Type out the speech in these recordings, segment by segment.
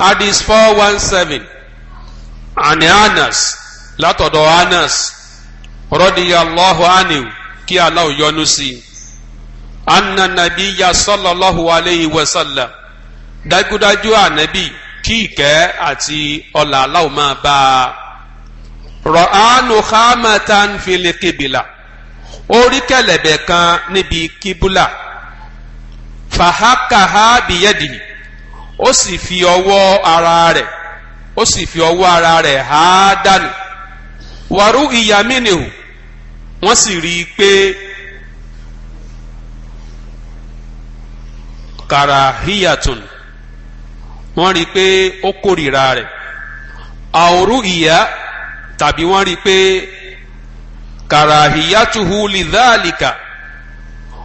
hadith 417. one seven ani anas látọ̀dọ̀ anas radiyallahu anhu kí Allah yọ́nú sí i anna nabiya sallallahu alayhi wa sallam dájúdájú ànábì kí ìkẹ́ àti ọlà Allah máa bá a rọ̀hánu khamatan fil kibla orí kẹlẹ̀bẹ̀ kan níbi kíbúlà fàhákàhá bìyẹ́dìí ó sì fi ọwọ́ ara rẹ̀ ó sì fi ọwọ́ ara rẹ̀ há dànù wàrú ìyàmínìhù wọ́n sì rí i pé karahiyatun wọ́n rí i pé ó kórìíra rẹ̀ àwòrú ìyá tàbí wọ́n rí i pé karahiyatuhu lidhalika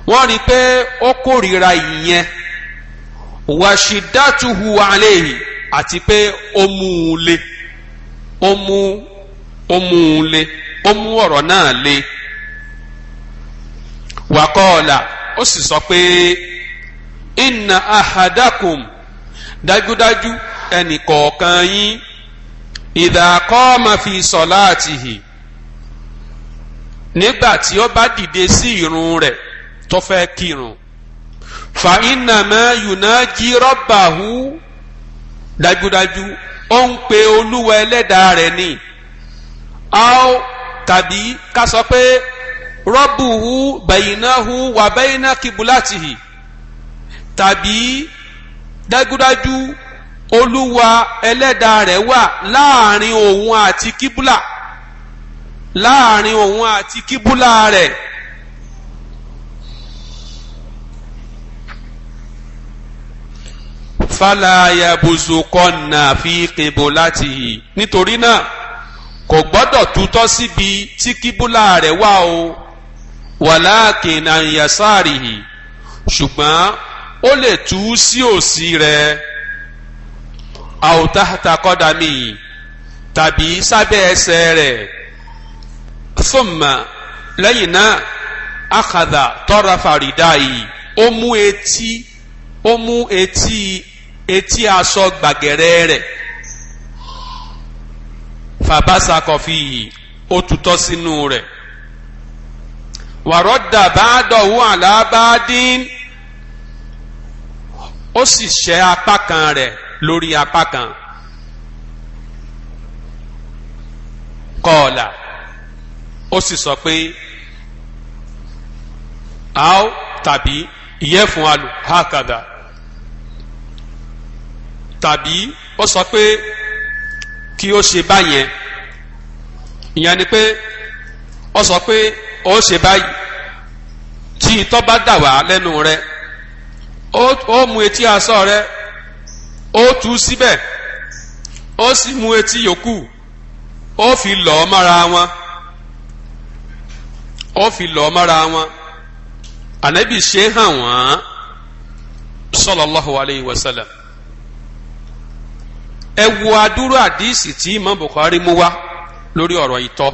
wọ́n rí i pé ó kórìíra ìyẹn. wa àléhì àti pé ó mú un le ó mú ó mú un le ó mú ọ̀rọ̀ náà le wàkọ́ọ̀là ó sì sọ pé inna ahadakum dájúdájú ẹnì kọ̀ọ̀kan yín fi sọ fi salatihi nígbà tí ó bá dìde sí ìrun rẹ̀ tó fẹ́ kírun. fa innama yunaji rabbahu dájúdájú ó ń pe olúwa ẹlẹ́dàá rẹ̀ ni ao tàbí ká sọ pé rabbuhu baynahu wa bayna kibulatihi tàbí dájúdájú olúwa ẹlẹ́dàá rẹ̀ wà láàrin òun àti kíbúlà láàrin òun àti kíbúlà rẹ̀ fala yabuzukonna fi qiblatihi nítorí náà kò gbọ́dọ̀ tutọ́ síbi tí kíbúlà rẹ̀ wà o walakin an yasarihi ṣùgbọ́n ó lè tú sí òsì rẹ̀ aw tahta qadamihi tàbí sábẹ́ ẹsẹ̀ rẹ̀ thumma lẹ́yìn náà akhadha tarafa ridai ó mú etí ó mú etí etí aṣọ gbàgẹ̀rẹ́ rẹ̀ fàbáṣà kọfí yìí ó tutọ́ sínú rẹ̀ wàrọ́dà bá dọ̀wọ́ àlábádín ó sì ṣẹ́ apá kan rẹ̀ lórí apá kan kọ́ọ̀là ó sì sọ pé àó tàbí ìyẹ́fun alù hákàdà. tàbí ó sọ pé kí ó ṣe báyẹn ìyẹn ni pé ó sọ pé ó ṣe báyìí tí itọ́ bá dà wá lẹ́nu rẹ ó mu etí asọ rẹ ó tú síbẹ̀ ó sì mu etí yòókù ó fi lọ mara mára wọn ó fi lọ̀ mára wọn ànábì ṣe hàn wọn sallallahu alayhi wa sallam. ẹ wo adúrú àdíìsì tí Imam Bukhari mú wá lórí ọ̀rọ̀ ìtọ̀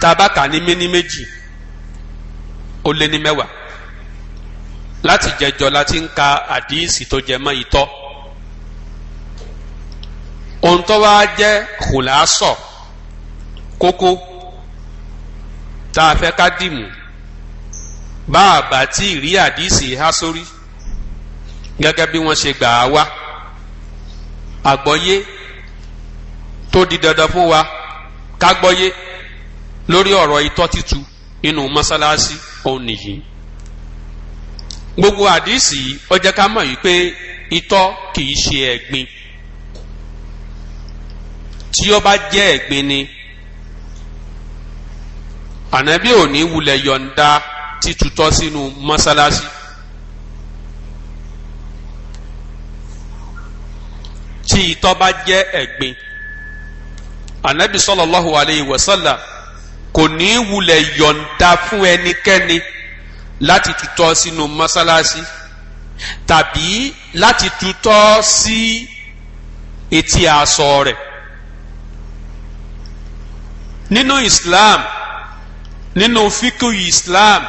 tabaka ní méní méjì ó lé ní mẹ́wàá láti jẹjọ láti ń ka àdíìsì tó jẹ mọ́ ìtọ̀ ohun tó wá jẹ́ kòláṣọ kókó tá a fẹ́ ká dìmú bá a bá tí ì rí àdíìsì há sórí gẹ́gẹ́ bí wọ́n ṣe gbà á wá àgbọ́yé tó di dandan fún wa kágbọ́yé lórí ọ̀rọ̀ itọ́ títu inú mọ́sálásí òun nìyí gbogbo àdìsí ó jẹ́ ká mọ̀ yìí pé itọ́ kìí ṣe ẹ̀gbin tí ó bá jẹ́ ẹ̀gbin ni ànábì ò ní wulẹ̀ yọ̀ǹda títutọ́ sínú mọ́sálásí. Si tí itọ́ bá jẹ́ ẹ̀gbin anabi sallallahu alayhi wa sallam kò ní í wulẹ̀ yọ̀ǹda fún ẹnikẹ́ni láti tutọ́ sínú mọ́sálásí tàbí láti tutọ́ sí etí aṣọ rẹ̀ nínú Islam nínú fíkú Islam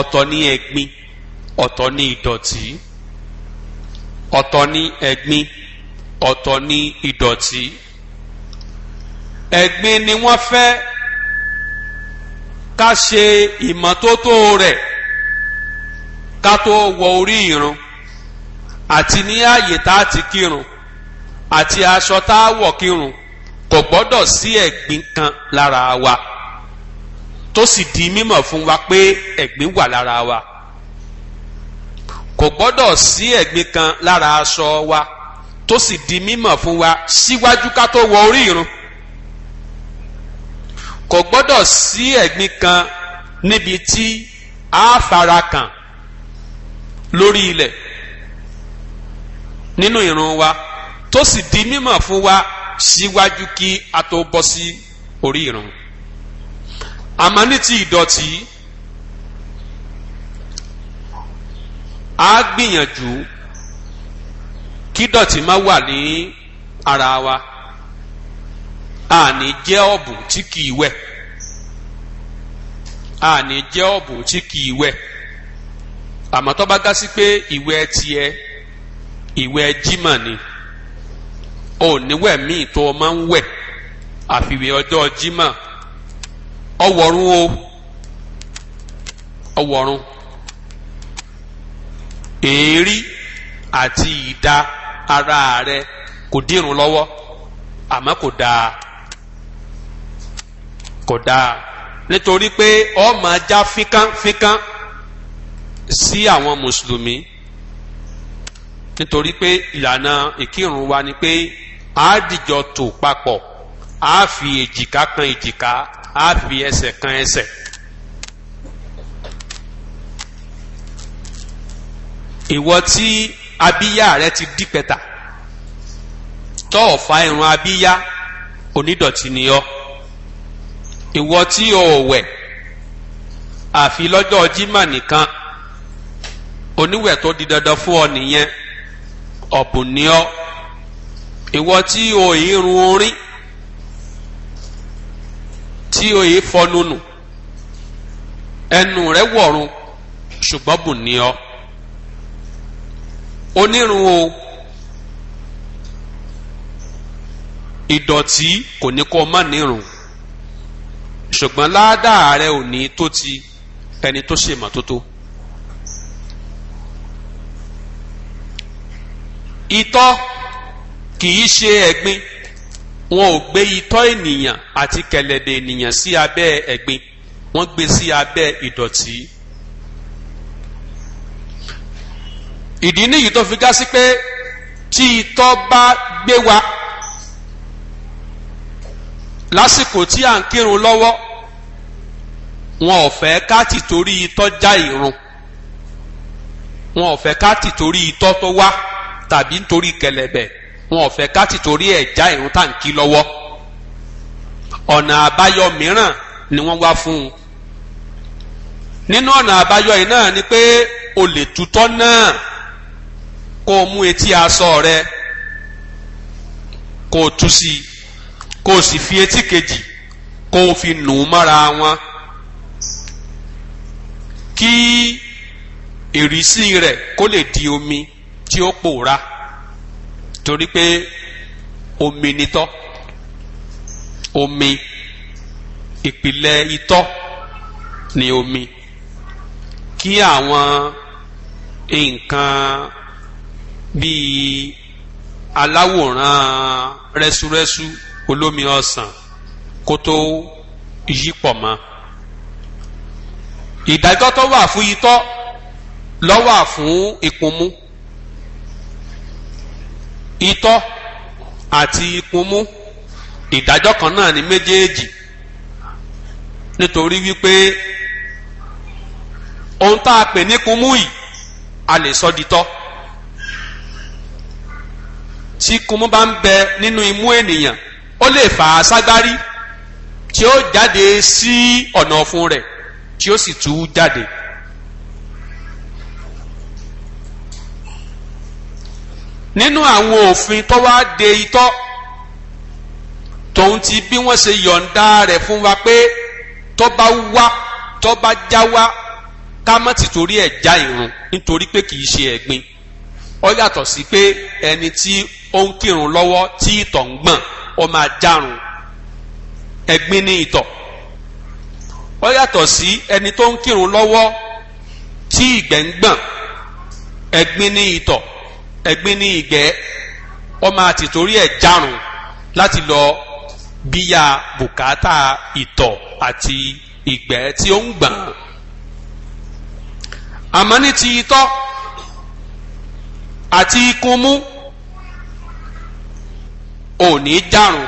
ọ̀tọ̀ ni ẹ̀gbin ọ̀tọ̀ ni ìdọ̀tí ọ̀tọ̀ ni ẹ̀gbin ọ̀tọ̀ ni ìdọ̀tí ẹ̀gbin ni wọ́n fẹ́ ká ṣe ìmọ́tótó rẹ̀ ká tó wọ orí ìrun àti ní ààyè tá a ti kírun àti aṣọ tá a wọ̀ kírun kò gbọ́dọ̀ sí ẹ̀gbin kan lára wa tó sì di mímọ̀ fún wa pé ẹ̀gbin wà lára wa kò gbọ́dọ̀ sí ẹ̀gbin kan lára aṣọ wa tó sì di mímọ̀ fún wa síwájú ká tó wọ orí irun kò gbọ́dọ̀ sí ẹ̀gbin kan níbi tí a fara kàn lórí ilẹ̀ nínú irun wa tó sì di mímọ̀ fún wa síwájú kí a tó bọ́ sí orí irun àmọ́ ní ti ìdọ̀tí a gbìyànjú kí dọ̀tí má wà ní ara wa àní jẹ́ ọ̀bùn tí kìí wẹ̀ àní jẹ́ tí kìí wẹ̀ àmọ́ tó bá gá pé iwe tiẹ̀ ìwẹ̀ jimá ni ò níwẹ̀ míì tó o máa ń wẹ̀ ọjọ́ jimá o ọwọ́run èérí àti ìdá. ara rẹ kò dírun lọ́wọ́ àmọ́ kò dáa kò dáa nítorí pé ó máa já fínkánfínkán sí àwọn mùsùlùmí nítorí pé ìlànà ìkírun wa ni pé a dìjọ tò papọ̀ a fi èjìká kan èjìká a fi ẹsẹ̀ kan ẹsẹ̀. ìwọ tí abíyá rẹ ti dí pẹ̀tà tọ́ ọ̀fà irun abíyá onídọ̀tí ni ọ́ ìwọ tí o wẹ̀ àfi lọ́jọ́ jimá nìkan oníwẹ̀ tó di dandan fún ọ nìyẹn ọ̀bùn ni ọ́ ìwọ tí o ìrun orí tí o yìí fọnù nù ẹnu rẹ wọ̀run ṣùgbọ́n bùn ni ọ́ onírun o ìdọ̀tí kò ní kọ́ má nírun ṣùgbọ́n ládàá rẹ ò ní tó ti ẹni tó ṣe mọ́tótó. itọ́ kì í ṣe ẹ̀gbin wọn ò gbé itọ́ ènìyàn àti kẹ̀lẹ̀bẹ̀ ènìyàn sí abẹ́ ẹ̀gbin wọ́n gbé sí abẹ́ ìdọ̀tí. ìdí nìyí tó fi já sí pé tí itọ́ bá gbé wa lásìkò tí à ń kírun lọ́wọ́ wọn ò fẹ́ ká tì torí itọ́ já ìrun wọn ò fẹ́ ká tì torí itọ́ tó wá tàbí nítorí kẹlẹ̀bẹ̀ wọn ò fẹ́ ká tì torí ẹ̀ já ìrun tá à ń kí lọ́wọ́ ọ̀nà àbáyọ mìíràn ni wọ́n wá fún un nínú ọ̀nà àbáyọ yìí náà ni pé o lè tutọ́ náà kó o mú etí aṣọ rẹ kó o tú sí i kó o sì fi etí kejì kó o fi nù mọ́ra wọn kí ìrísí rẹ̀ kó lè di omi tí ó pòórá torí pé omi nítọ́ omi ìpìlẹ̀ itọ́ ni omi kí àwọn nǹkan bíi aláwòrán rẹ́súrẹ́sú olómi ọsàn kó tó yípọ̀ mọ́ ìdájọ́ tó wà fún itọ́ ló wà fún ìkúnmú itọ́ àti ìkúnmú ìdájọ́ kan náà ni méjèèjì nítorí wípé ohun tá a pè ní kúnmú yìí a lè sọ di tọ́. So tí kùmú bá ń bẹ nínú imú ènìyàn ó lè fà á ságbárí tí ó jáde sí ọ̀nà ọ̀fun rẹ̀ tí ó sì tú jáde. nínú àwọn òfin tó wá de itọ́ tòun ti bí wọ́n ṣe yọ̀ǹda rẹ̀ fún wa pé tó bá wá tó bá já wá ká má ti torí ẹ̀ já ìrun nítorí pé kì í ṣe ẹ̀gbin ó yàtọ̀ sí pé ẹni tí ó ń kírun lọ́wọ́ tí ìtọ̀ ń gbọ̀n ó máa járun ẹ̀gbin ní ìtọ̀ ó yàtọ̀ sí ẹni tó ń kírun lọ́wọ́ tí ìgbẹ́ ń gbọ̀n ẹ̀gbin ní ìtọ̀ ẹ̀gbin ní ìgbẹ́ ó máa ti torí ẹ̀ járun láti lọ bíyà bùkátà ìtọ̀ àti ìgbẹ́ tí ó ń gbọ̀n àmọ́ ní ti itọ́ àti ikun mú ò ní dàrún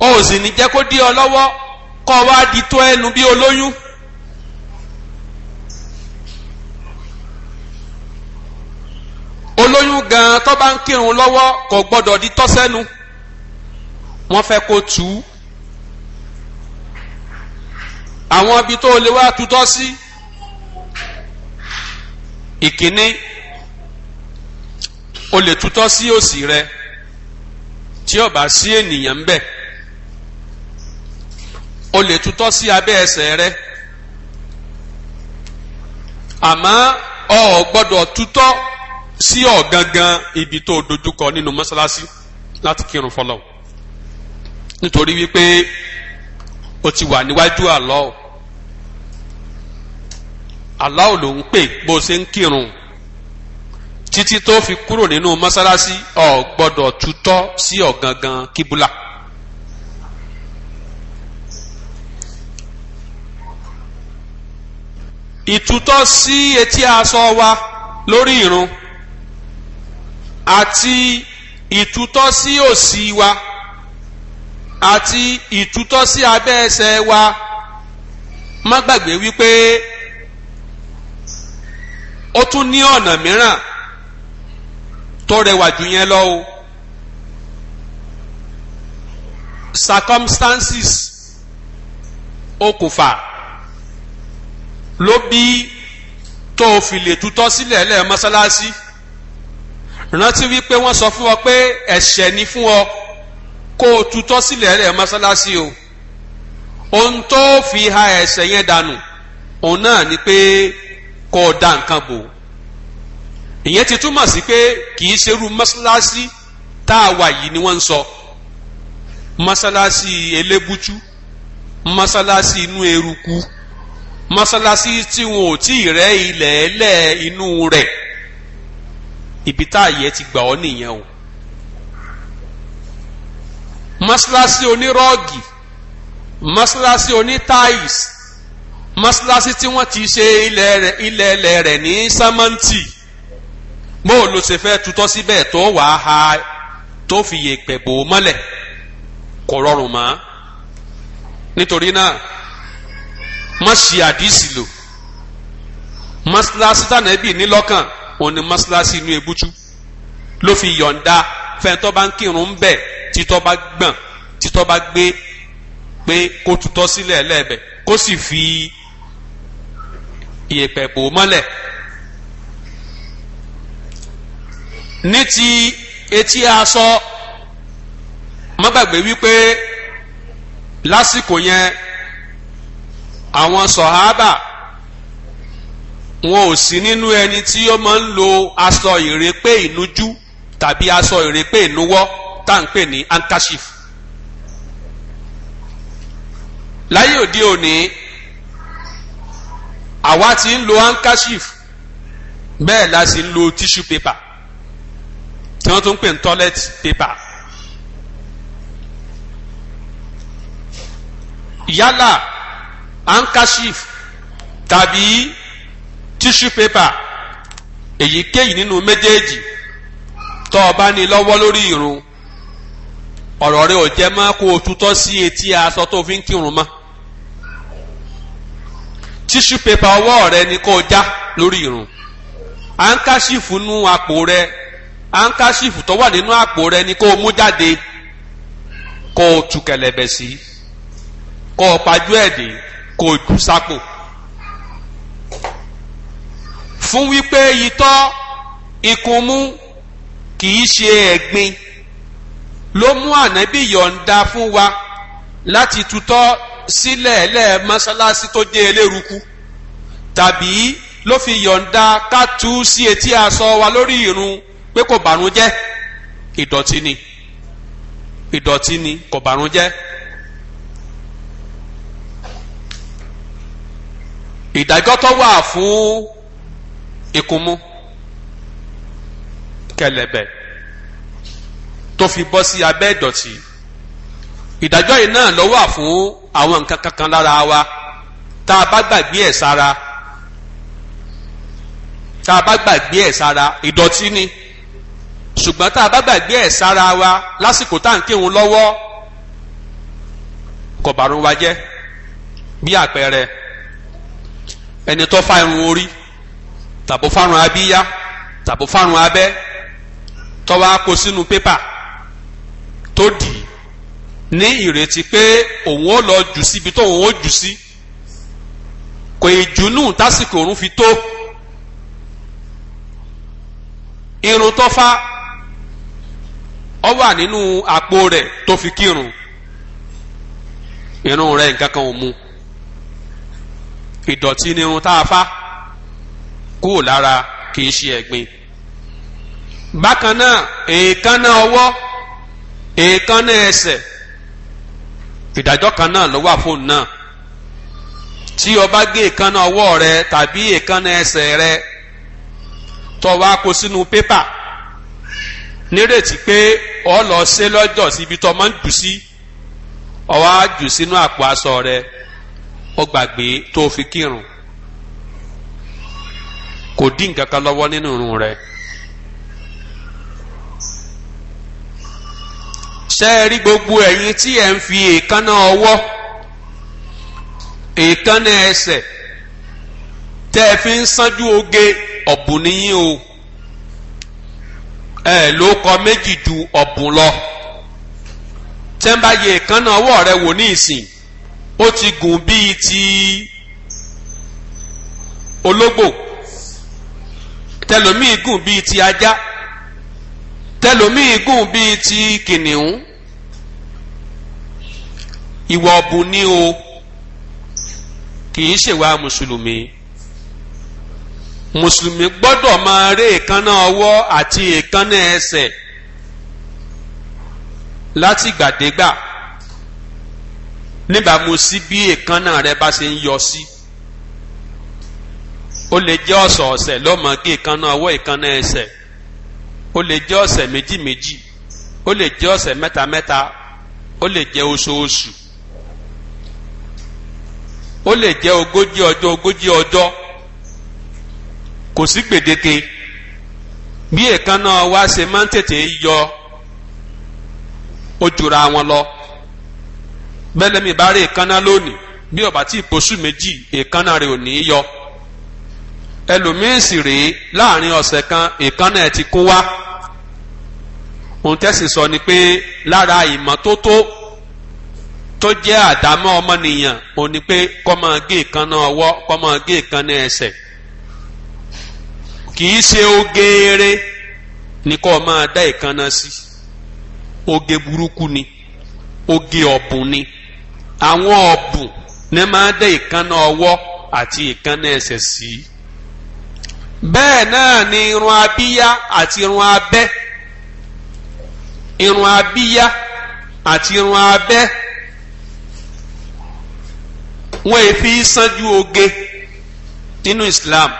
o sì ní jẹ́ kó dí ọ lọ́wọ́ kọ́ wá di tó ẹnu bí olóyún. olóyún gan tó bá ń kírun lọ́wọ́ kò gbọ́dọ̀ di tọ́sẹ́nu wọ́n fẹ́ kó tù ú. àwọn ibi tó lè wá tutọ́ sí ìkíní o lè tutọ́ sí òsì rẹ tí ó bá sí ènìyàn ń bẹ o lè tutọ́ sí abẹ́ ẹsẹ̀ rẹ àmọ́ o ò gbọ́dọ̀ tutọ́ sí ọ̀gangan ibi tó dojúkọ nínú mọ́sálásí láti kírun fọlọ́ nítorí wípé o ti wà níwájú àlọ́ àlọ́ ló ń pè bó o ṣe ń kírun títí tó fi kúrò nínú mọ́sálásí ọ̀ gbọ́dọ̀ tutọ́ sí ọ̀gangan kíbúlà. ìtútọ́ sí etí aṣọ wa lórí irun àti ìtútọ́ sí òsì wa àti ìtútọ́ sí abẹ́ ẹsẹ̀ wa má gbàgbé wípé ó tún ní ọ̀nà mìíràn tó rẹwà yẹn lọ o circumstances okùnfà ló bí tó fi lè tutọ́ sílẹ̀ lẹ́ẹ̀ mọ́sálásí rántí wípé wọ́n sọ fún ọ pé ẹ̀ṣẹ̀ ni fún ọ kó o tutọ́ sílẹ̀ lẹ́ẹ̀ mọ́sálásí o ohun tó fi ha ẹ̀ṣẹ̀ yẹn dànù òun náà ni pé kó o dá nǹkan bò ìyẹn ti túmọ̀ sí pé kì í ṣerú mọ́ṣáláṣí tá a wà yìí ni wọ́n ń sọ mọ́ṣáláṣí elébútú mọ́ṣáláṣí inú eruku mọ́ṣáláṣí tí wọn ò tí ì rẹ́ ilẹ̀ ẹlẹ́ inú rẹ̀ ibi tá àyẹ̀ ti gbà ọ́ nìyẹn o mọ́ṣáláṣí onírọ́ọ̀gì mọ́ṣáláṣí onítáìs mọ́ṣáláṣí tí wọ́n ti ṣe ilẹ̀ ilẹ̀ ní sámẹ́ǹtì bó o lò ṣe fẹ́ tutọ́ síbẹ̀ tó wàá ha tó fi yèèpẹ̀ bò ó mọ́lẹ̀ kò rọrùn mọ́ nítorí náà má ṣe àdísì lò mọ́ṣáláṣí tànẹ́bì nílọ́kàn òun ni mọ́ṣáláṣí inú ebútú ló fi yọ̀ǹda fẹ́ntọ́ bá ń kírun ń bẹ̀ títọ́ bá gbọ̀n títọ́ bá gbé pé kó tutọ́ sílẹ̀ lẹ́ẹ̀bẹ̀ kó sì fi ìyèpẹ̀ bò mọ́lẹ̀ ní ti etí aṣọ má gbàgbé wípé lásìkò yẹn àwọn sọ̀hábà wọn ò sí nínú ẹni tí ó máa ń lo aṣọ ìrépé ìnujú tàbí aṣọ ìrépé ìnuwọ́ tá à ń pè ní ankashif. láyé òde òní àwa ti ń lo ankashif bẹ́ẹ̀ la sì ń lo tissue paper tí wọ́n tún ń pè ní toilet paper yálà handkerchief tàbí tissue paper èyíkéyìí nínú méjèèjì tó o bá ní lọ́wọ́ lórí irun ọ̀rọ̀ rẹ ò jẹ́ mọ́ kó o tutọ́ sí etí aṣọ tó fi ń kírun mọ́ tissue paper ọwọ́ rẹ ni kó o já lórí irun handkerchief nú apò rẹ ankashifu tó wà nínú àpò rẹ ni kó o mú jáde kó o tu kẹ̀lẹ̀bẹ̀ sí kó o pajú ẹ̀dín kó o jù sápò fún wípé itọ́ ikun mú kì í ṣe ẹ̀gbin ló mú ànábì yọ̀ǹda fún wa láti tutọ́ sílẹ̀ lẹ́ mọ́sálásí tó jẹ́ eléruku tàbí ló fi yọ̀ǹda ká tú sí etí aṣọ wa lórí irun pé kò bànújẹ́ ìdọ̀tí ni ìdọ̀tí ni kò bànújẹ́ ìdájọ́ tó wà fún ìkúnmú kẹ̀lẹ̀bẹ̀ tó fi bọ́ sí abẹ́ ìdọ̀tí ìdájọ́ yìí náà ló wà fún àwọn nǹkan kankan lára wa tá a bá gbàgbé ẹ̀ sára tá a bá gbàgbé ẹ̀ sára ìdọ̀tí ni ṣùgbọ́n tá a bá gbàgbé ẹ̀ sára wa lásìkò tá à ń kírun lọ́wọ́ kò bàrún wa jẹ́ bí àpẹẹrẹ ẹni tó fa irun orí tàbó fárun abíyá tàbó fárun abẹ́ tó wá kó sínú pépà tó dì í ní ìrètí pé òun ó lọ jù síbi tó òun ó jù sí kò ìjùnú tásìkò òun fi tó irun tó fa ó wà nínú àpò rẹ̀ tó fi kírun irun rẹ̀ nǹkan kan ò mu ìdọ̀tí ni irun tá a fá kúrò lára kì í ṣe ẹ̀gbin bákan náà èèkánná ọwọ́ èèkánná ẹsẹ̀ ìdájọ́ kan náà ló wà fóònù náà tí o gé èèkánná ọwọ́ rẹ tàbí èèkánná ẹsẹ̀ rẹ tó wá kó sínú pépà nírètí pé ọ lọ ṣe lọ́jọ́ síbi tó máa ń jù sí ọwọ́ á jù sínú àpò aṣọ rẹ ó gbàgbé tó fi kírun kò dín nǹkan kan lọ́wọ́ nínú irun rẹ. ṣé ẹ rí gbogbo ẹ̀yin tí ẹ̀ ń fi èékánná ọwọ́ èékánná ẹsẹ̀ tẹ́ ẹ fi ń sánjú oge ọ̀bùn nìyí o ẹ ló kọ méjì ju ọ̀bùn lọ tẹ́ńbáyé èékánná ọwọ́ rẹ wò ní ìsìn ó ti gùn bíi ti ológbò tẹlòmíì gùn bíi ti ajá tẹlòmíì gùn bíi ti kìnìún ìwà ọ̀bùn ni o kì í ṣèwà mùsùlùmí mùsùlùmí gbọ́dọ̀ máa ré èékánná ọwọ́ àti èékánná ẹsẹ̀ látìgbàdégbà níbàámu sí bí èékánná rẹ bá ṣe ń yọ sí ó lè jẹ́ ọ̀sọ̀ọ̀sẹ̀ lọ́mọ gé èékánná ọwọ́ èékánná ẹsẹ̀ ó lè jẹ́ ọ̀sẹ̀ méjì méjì ó lè jẹ́ ọ̀sẹ̀ mẹ́ta mẹ́ta ó lè jẹ́ oṣooṣù ó lè jẹ́ ogójì ọjọ́ ogójì ọjọ́ kò sí gbèdéke bí ẹ̀kan náà wá ṣe máa ń tètè yọ ó wọn lọ bẹ́lẹ̀mí bá rí náà lónìí bí ọba bá tí ìpòsù méjì náà rẹ̀ ò ní í yọ ẹlòmíín sì rèé láàrin ọ̀sẹ̀ kan èékánná ẹ̀ ti kú wá òun tẹ́sí sọ ni pé lára ìmọ́tótó tó jẹ́ àdámọ́ ọmọnìyàn òun ni pé kó máa gé èékánná ọwọ́ kó máa gé náà ẹsẹ̀ kì í ṣe ogeere ní kó o máa dá ìkànnà sí oge burúkú ni oge ọ̀bùn ni àwọn ọ̀bùn ni máa dá ìkànnà ọwọ́ àti ìkànnà ẹsẹ̀ sí bẹ́ẹ̀ náà ni irun abíyá àti irun abẹ́ irun abíyá àti irun abẹ́ wọ́n èéfi sanju oge nínú Islam.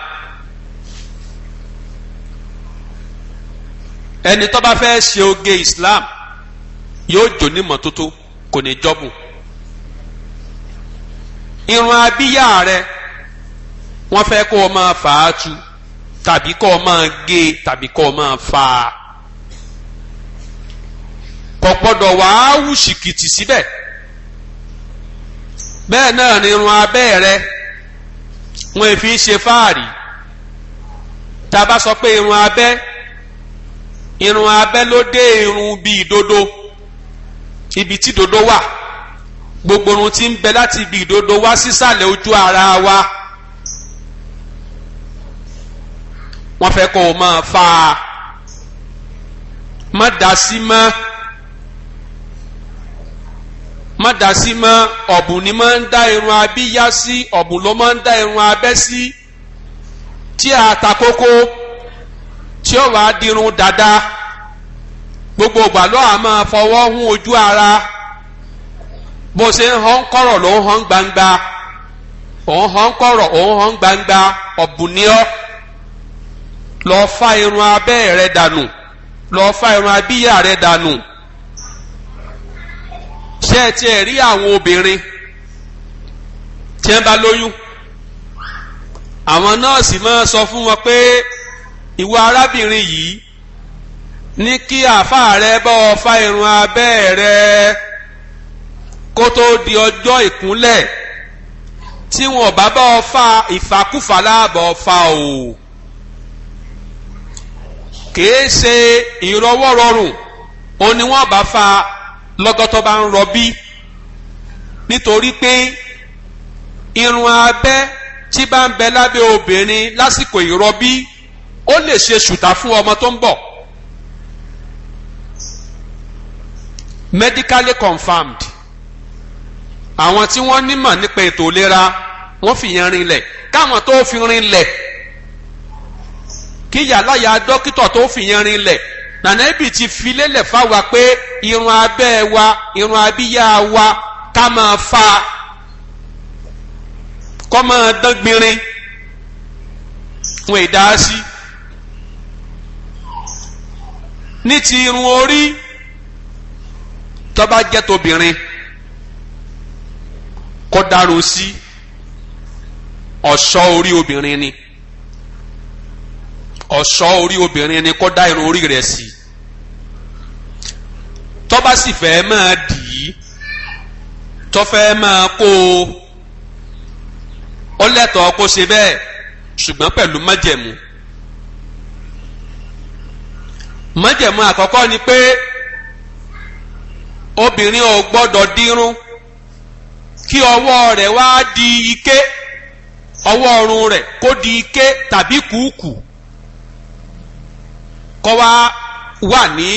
ẹni tó bá fẹ́ ṣe oge Islam yóò jò ní mọ́tótó kò ní jọ́bù irun abíyá rẹ wọ́n fẹ́ kó o máa fà á tu tàbí kó o máa gé tàbí kó o máa fà á kò gbọ́dọ̀ wàá wù síbẹ̀ bẹ́ẹ̀ náà ni irun abẹ́ rẹ wọ́n fi ń ṣe fáàrí tá a bá sọ pé irun abẹ́ irun abẹ́ ló dé irun bíi dodo ibi tí dodo wà gbogbo irun tí ń bẹ láti ibi ìdodo wá sísàlẹ̀ ojú ara wa wọ́n fẹ́ kó o máa fa má dá sí mọ́ má dá sí mọ́ ọ̀bùn ni máa ń dá irun abíyá sí ọ̀bùn ló máa ń dá irun abẹ́ sí tí a ta kókó tí ó wàá dirun dáadáa gbogbo ìgbàlọ́ àmọ́ fọwọ́ hún ojú ara bó ṣe ń hàn kọ̀rọ̀ ló ń hàn gbangba òun hàn kọ̀rọ̀ òun hàn gbangba ọ̀bùnìọ́ lọ fa irun abẹ́ rẹ dànù lọ fa irun abíyà rẹ dànù ṣé ẹ tiẹ̀ rí àwọn obìnrin tí wọ́n bá lóyún àwọn nọ́ọ̀sì máa sọ fún wọn pé ìwọ arábìnrin yìí ní kí àáfàá rẹ bá ọ fá irun abẹ́ rẹ kó tó di ọjọ́ ìkúnlẹ̀ tí wọn bá bá ọ fá ìfàkúfà láàbọ̀ fa o kìí ṣe ìrọwọ́ rọrùn o ni wọn bá fa lọ́gọ́tọ́ bá ń rọbí nítorí pé irun abẹ́ tí bá ń bẹ lábẹ́ obìnrin lásìkò ìrọbí ó lè ṣe ṣùtá fún ọmọ tó ń bọ̀ medically confirmed àwọn tí wọ́n nímọ̀ nípa ètò ìlera wọ́n fìyẹn rinlẹ̀ káwọn tó fi rinlẹ̀ kí yàláyà dókítà tó fìyẹn rinlẹ̀ nànẹ́bì ti fi lélẹ̀ fáwa pé irun abẹ́ wa irun abíyá wa ká máa fa kọ́ máa dán gbinrin wọn ì dá ní ti irun orí tó bá jẹ́ tóbìnrin kó dárun sí ọ̀ṣọ́ orí obìnrin ni ọ̀ṣọ́ orí obìnrin ni kó dá irun orí rẹ̀ sí tó bá sì fẹ́ máa dì í tó fẹ́ máa kó o ó lẹ́tọ̀ọ́ kó ṣe bẹ́ẹ̀ ṣùgbọ́n pẹ̀lú májẹ̀mú. májẹ̀mú àkọ́kọ́ ni pé obìnrin ò gbọ́dọ̀ dírun kí ọwọ́ rẹ̀ wá di ike ọwọ́ ọrùn rẹ̀ kó di ike tàbí kùkù kọ wá wà ní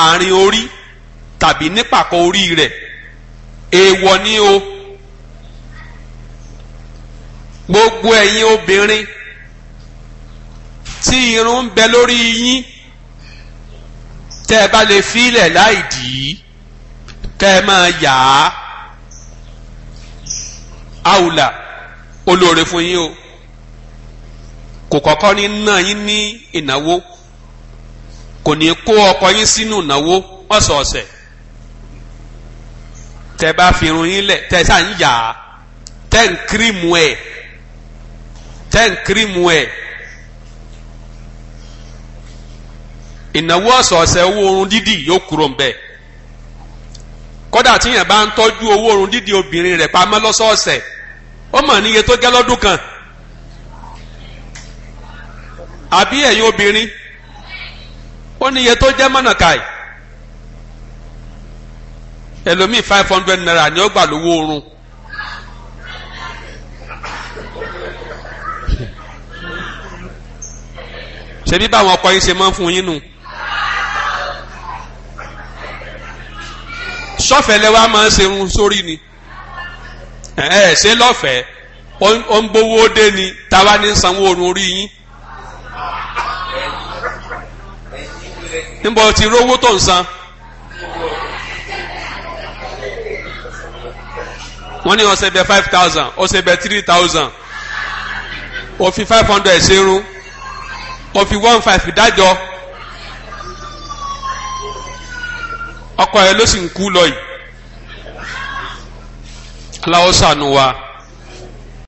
àárín orí tàbí nípàkọ́ orí rẹ̀ èèwọ̀ ni o gbogbo ẹ̀yin obìnrin tí irun ń bẹ lórí yín tẹ́ ẹ bá lè filẹ̀ láì dì í kẹ́ ẹ máa yà á àwùlà olóore fún yín o kò kọ́kọ́ ní ná yín ní ìnáwó kò ní kó ọkọ yín sínú ìnáwó ọ̀sọ̀ọ̀sẹ̀ tẹ́ bá fi irun yín lẹ̀ tẹ́ sá ń yà á tẹ́ ń kírímù ẹ̀ tẹ́ ń kírímù ẹ̀. ìnáwó ọ̀sọ̀ọ̀sẹ̀ owó oorun dídì yóò kúrò ńbẹ̀ kódà tíyàn bá ń tọ́jú owó oorun dídì obìnrin rẹ̀ pamọ́ lọ́sọ̀ọ̀sẹ̀ ó mọ̀ níye tó gẹ́ lọ́dún kan àbí ẹ̀yin obìnrin ó níye tó jẹ́ mọ̀nàkàì ẹlòmíì five hundred naira ni ó gbà lówó oorun ṣebí báwọn ọkọ yín ṣe máa ń fún yín nù. sọ́fẹ̀lẹ́ wa máa ń serun sórí ni ẹ ẹ ṣe lọ́fẹ̀ẹ́ ó ń gbowó dé ni táwa ní sanwó oorun orí yín níbo ti rówó tó ń san wọ́n ní ọ̀sẹ̀ bẹ five thousand ọ̀sẹ̀ bẹ three thousand ó fi five hundred ṣerun ó fi one five dájọ́. ọkọ ẹ ló sì ń kú lọ yìí aláwọ sànù wa